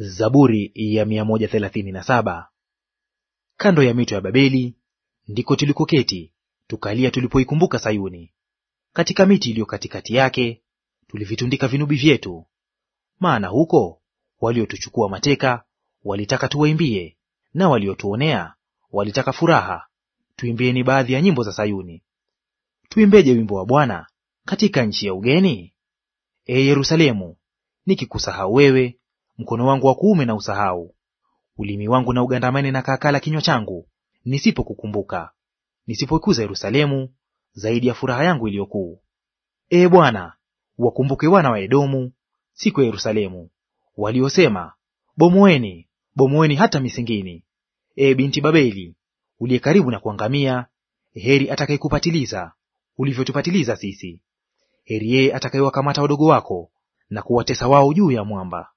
Zaburi ya 137. Kando ya mito ya Babeli ndiko tulikoketi tukalia, tulipoikumbuka Sayuni. Katika miti iliyo katikati yake tulivitundika vinubi vyetu, maana huko waliotuchukua mateka walitaka tuwaimbie, na waliotuonea walitaka furaha. Tuimbieni baadhi ya nyimbo za Sayuni. Tuimbeje wimbo wa Bwana katika nchi ya ugeni? E Yerusalemu, nikikusahau wewe mkono wangu wa kuume na usahau. Ulimi wangu na ugandamane na kaakala kinywa changu, nisipokukumbuka, nisipoikuza Yerusalemu zaidi ya furaha yangu iliyokuu. e Bwana, wakumbuke wana wa Edomu siku ya Yerusalemu, waliosema, bomoeni, bomoeni hata misingini. e binti Babeli, uliye karibu na kuangamia, heri atakayekupatiliza ulivyotupatiliza sisi. Heri yeye atakayewakamata wadogo wako na kuwatesa wao juu ya mwamba.